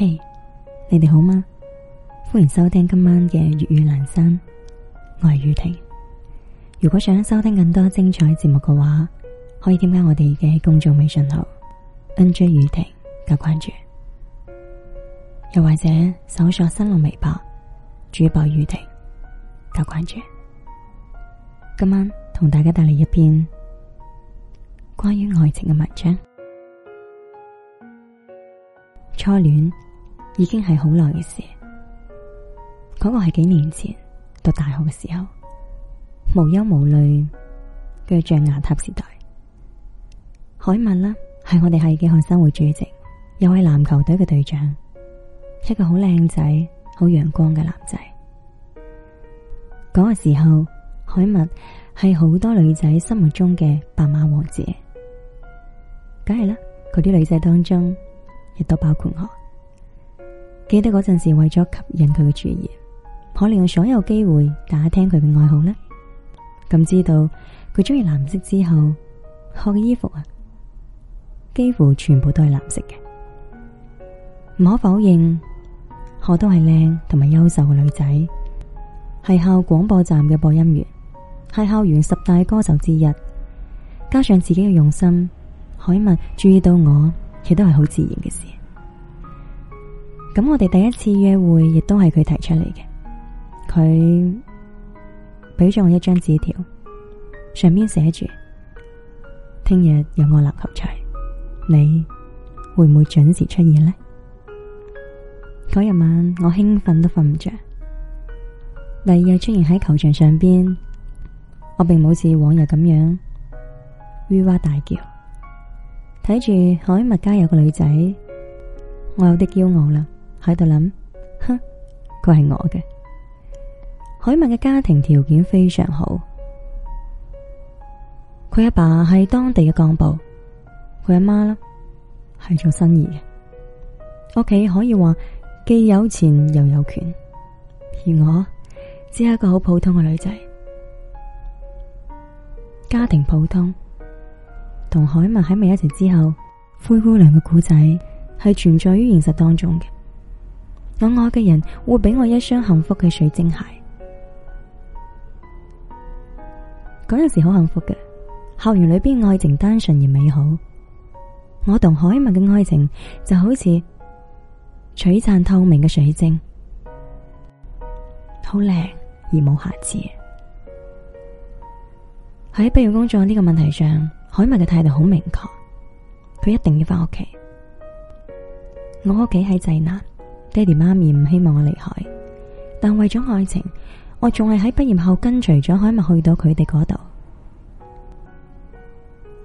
嘿，hey，你哋好嗎？歡迎收聽今晚嘅粵語闌珊，我係雨婷。如果想收聽更多精彩節目嘅話，可以添加我哋嘅公眾微信號 NJ 雨婷加關注，又或者搜索新浪微博主播雨婷加關注。今晚同大家帶嚟一篇關於愛情嘅文章，初戀。已經係好耐嘅事，嗰、那個係幾年前讀大學嘅時候，無憂無慮嘅象牙塔時代。海文啦、啊，我係我哋係嘅學生會主席，又係籃球隊嘅隊長，一個好靚仔、好陽光嘅男仔。嗰、那個時候，海文係好多女仔心目中嘅白馬王子，梗係啦，嗰啲女仔當中亦都包括我。記得嗰陣時，為咗吸引佢嘅注意，我利用所有機會打聽佢嘅愛好呢。咁知道佢中意藍色之後，我嘅衣服啊，幾乎全部都係藍色嘅。唔可否認，我都係靚同埋優秀嘅女仔，係校廣播站嘅播音員，係校園十大歌手之一。加上自己嘅用心，海文注意到我，亦都係好自然嘅事。咁我哋第一次約會亦都係佢提出嚟嘅，佢俾咗我一張紙條，上面寫住：聽日有我籃球賽，你會唔會準時出現呢？」嗰日晚我興奮都瞓唔着。第二日出現喺球場上邊，我並冇似往日咁樣，嗚哇大叫。睇住海物街有個女仔，我有啲驕傲啦。喺度諗，哼，佢係我嘅。海文嘅家庭條件非常好，佢阿爸係當地嘅幹部，佢阿媽啦係做生意嘅，屋企可以話既有錢又有權。而我只係一個好普通嘅女仔，家庭普通。同海文喺埋一齊之後，灰姑娘嘅故仔係存在於現實當中嘅。我愛嘅人會俾我一雙幸福嘅水晶鞋，嗰陣時好幸福嘅。校園裏邊愛情單純而美好，我同海文嘅愛情就好似璀璨透明嘅水晶，好靚而冇瑕疵。喺畢業工作呢個問題上，海文嘅態度好明確，佢一定要返屋企。我屋企喺濟南。爹哋媽咪唔希望我離開，但為咗愛情，我仲係喺畢業後跟隨咗海默去到佢哋嗰度。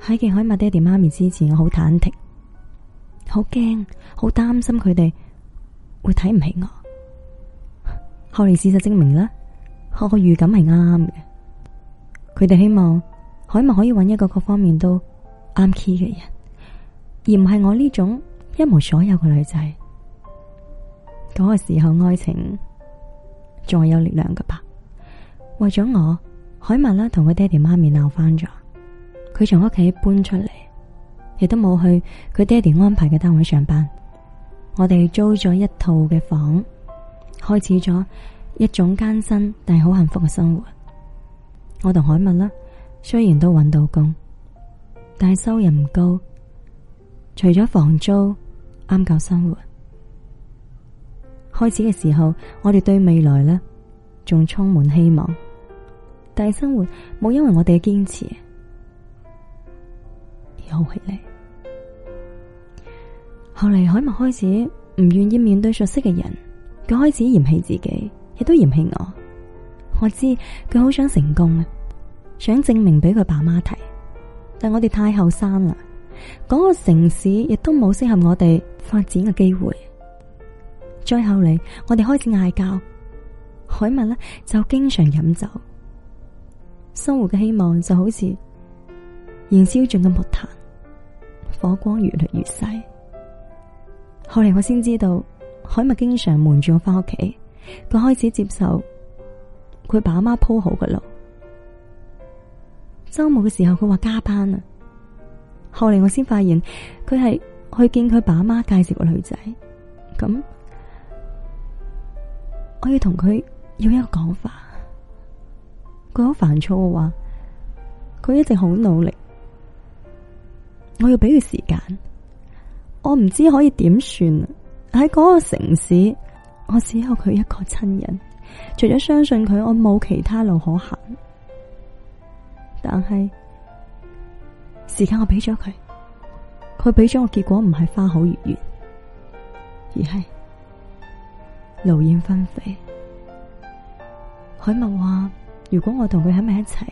喺見海默爹哋媽咪之前，我好忐忑，好驚，好擔心佢哋會睇唔起我。後來事實證明啦，我個預感係啱嘅。佢哋希望海默可以揾一個各方面都啱 key 嘅人，而唔係我呢種一無所有嘅女仔。嗰個時候，愛情仲係有力量㗎吧？為咗我，海文啦同佢爹哋媽咪鬧翻咗，佢從屋企搬出嚟，亦都冇去佢爹哋安排嘅單位上班。我哋租咗一套嘅房，開始咗一種艱辛但係好幸福嘅生活。我同海文啦，雖然都揾到工，但係收入唔高，除咗房租啱夠生活。開始嘅時候，我哋對未來呢，仲充滿希望，但係生活冇因為我哋嘅堅持，而好起嚟。後嚟海默開始唔願意面對熟悉嘅人，佢開始嫌棄自己，亦都嫌棄我。我知佢好想成功啊，想證明俾佢爸媽睇，但我哋太後生啦，嗰個城市亦都冇適合我哋發展嘅機會。再後嚟，我哋開始嗌交，海文呢，就經常飲酒，生活嘅希望就好似燃燒盡嘅木炭，火光越嚟越細。後嚟我先知道，海文經常瞞住我翻屋企，佢開始接受佢爸媽鋪好嘅路。周末嘅時候，佢話加班啊。後嚟我先發現佢係去見佢爸媽介紹個女仔咁。我要同佢要一個講法，佢好煩躁嘅話，佢一直好努力。我要俾佢時間，我唔知可以點算。喺嗰個城市，我只有佢一個親人，除咗相信佢，我冇其他路可行。但係時間我俾咗佢，佢俾咗我，結果唔係花好月圓，而係。勞燕分飛，海文話：如果我同佢喺埋一齊，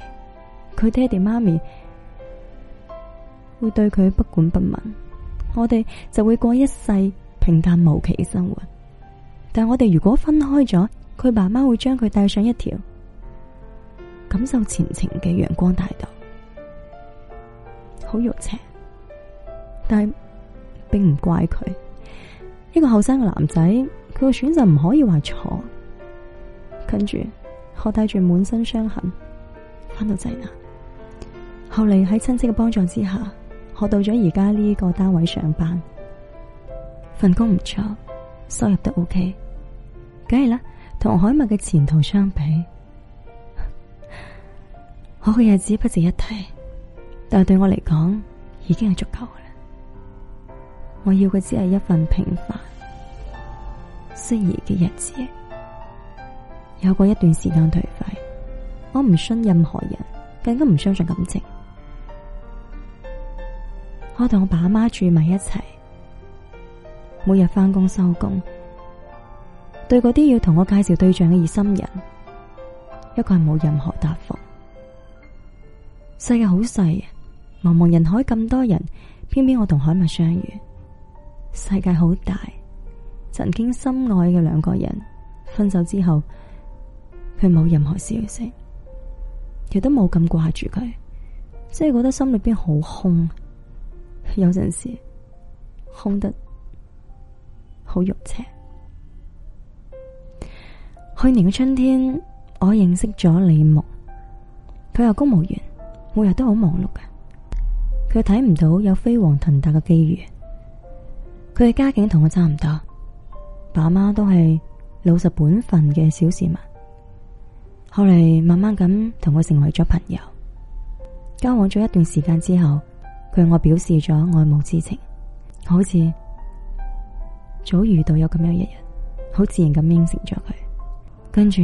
佢爹哋媽咪會對佢不管不問，我哋就會過一世平淡無奇嘅生活。但我哋如果分開咗，佢爸媽會將佢帶上一條感受前程嘅陽光大道，好肉赤。但係並唔怪佢，一個後生嘅男仔。佢個選擇唔可以話錯，跟住學帶住滿身傷痕翻到濟南，後嚟喺親戚嘅幫助之下，學到咗而家呢個單位上班，份工唔錯，收入都 OK，梗係啦，同海默嘅前途相比， 我嘅日子不值一提，但係對我嚟講已經係足夠嘅啦，我要嘅只係一份平凡。失意嘅日子，有過一段時間頹廢。我唔信任何人，更加唔相信感情。我同我爸阿媽住埋一齊，每日翻工收工。對嗰啲要同我介紹對象嘅熱心人，一個係冇任何答復。世界好細，茫茫人海咁多人，偏偏我同海文相遇。世界好大。曾經深愛嘅兩個人分手之後，佢冇任何消息，亦都冇咁掛住佢，所以覺得心裏邊好空。有陣時空得好肉赤。去年嘅春天，我認識咗李木，佢係公務員，每日都好忙碌嘅，佢睇唔到有飛黃騰達嘅機遇，佢嘅家境同我差唔多。爸媽都係老實本分嘅小市民，後嚟慢慢咁同佢成為咗朋友，交往咗一段時間之後，佢我表示咗愛慕之情，好似早遇到有咁樣一日，好自然咁應承咗佢，跟住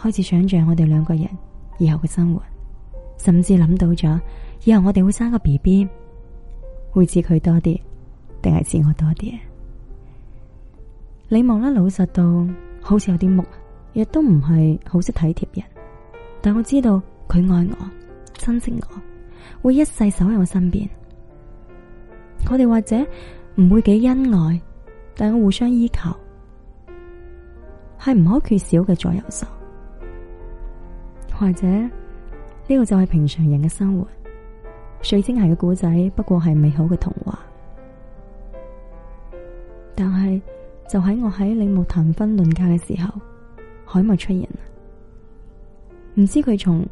開始想象我哋兩個人以後嘅生活，甚至諗到咗以後我哋會生個 BB，會似佢多啲定係似我多啲啊？你望得老實到好似有啲木，亦都唔係好識體貼人。但我知道佢愛我，珍惜我，會一世守喺我身邊。我哋或者唔會幾恩愛，但我互相依靠，係唔可缺少嘅左右手。或者呢個就係平常人嘅生活，水晶鞋嘅故仔不過係美好嘅童話。就喺我喺你冇談婚論嫁嘅時候，海默出現。唔知佢從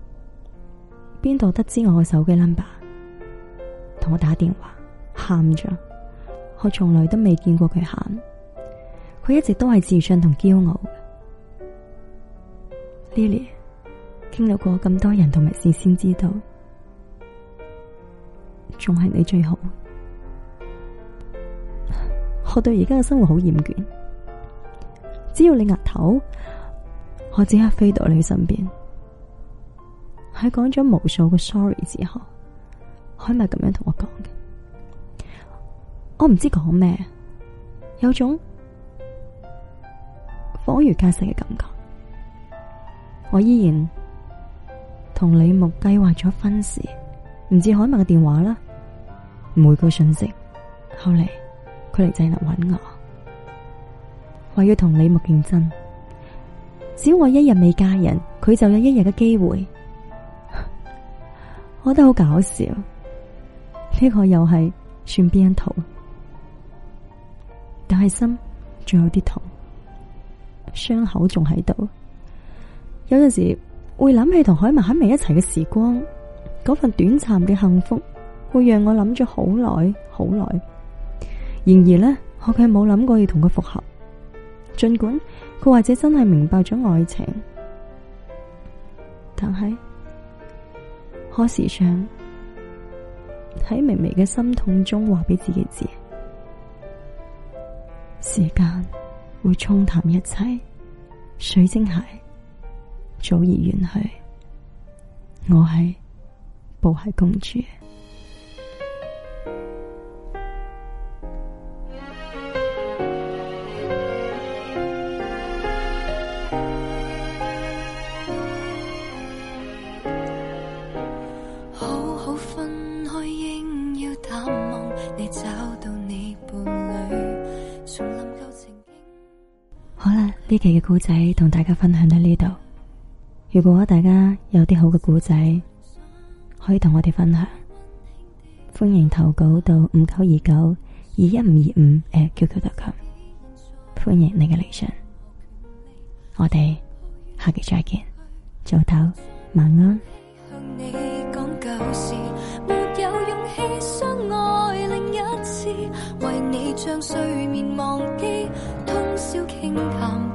邊度得知我嘅手機 number，同我打電話，喊咗。我從來都未見過佢喊，佢一直都係自信同驕傲。Lily，經歷過咁多人同埋事先知道，仲係你最好。我對而家嘅生活好厭倦。只要你額頭，我即刻飛到你身邊。喺講咗無數個 sorry 之後，海文咁樣同我講嘅，我唔知講咩，有種恍如隔世嘅感覺。我依然同李木計劃咗婚事，唔知海文嘅電話啦，每個訊息，後嚟。佢嚟就係嚟揾我，我要同李木競爭。只要我一日未嫁人，佢就有一日嘅機會。 我覺得好搞笑，呢個又係算邊一套？但係心仲有啲痛，傷口仲喺度。有陣時會諗起同海文喺埋一齊嘅時光，嗰份短暫嘅幸福，會讓我諗咗好耐好耐。然而呢，我卻冇諗過要同佢復合。盡管佢或者真係明白咗愛情，但係可時常喺微微嘅心痛中話俾自己知：時間會沖淡一切，水晶鞋早已遠去，我係布鞋公主。期嘅古仔同大家分享到呢度，如果大家有啲好嘅古仔，可以同我哋分享，歡迎投稿到五九二九二一五二五 QQ 特群。歡迎你嘅理想，我哋下期再見，早唞晚安。向你講舊事，沒有勇氣相愛。另一次，為你將睡眠忘記，通宵傾談。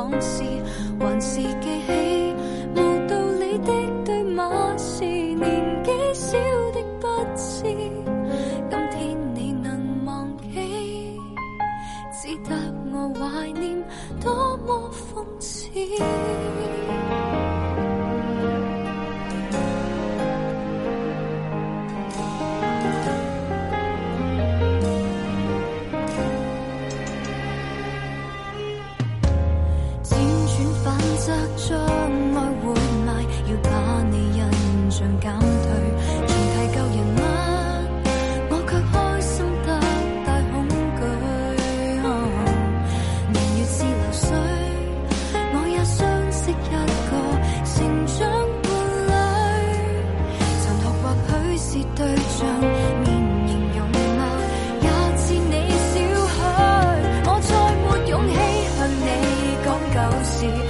往事，還是記起。 則將愛活埋，要把你印象減退，重提舊人物，我卻開心得大恐懼。Oh, 年月是流水，我也相識一個成長伴侶，殘酷或許是對象，面型容貌也似你少許，我再沒勇氣向你講舊事。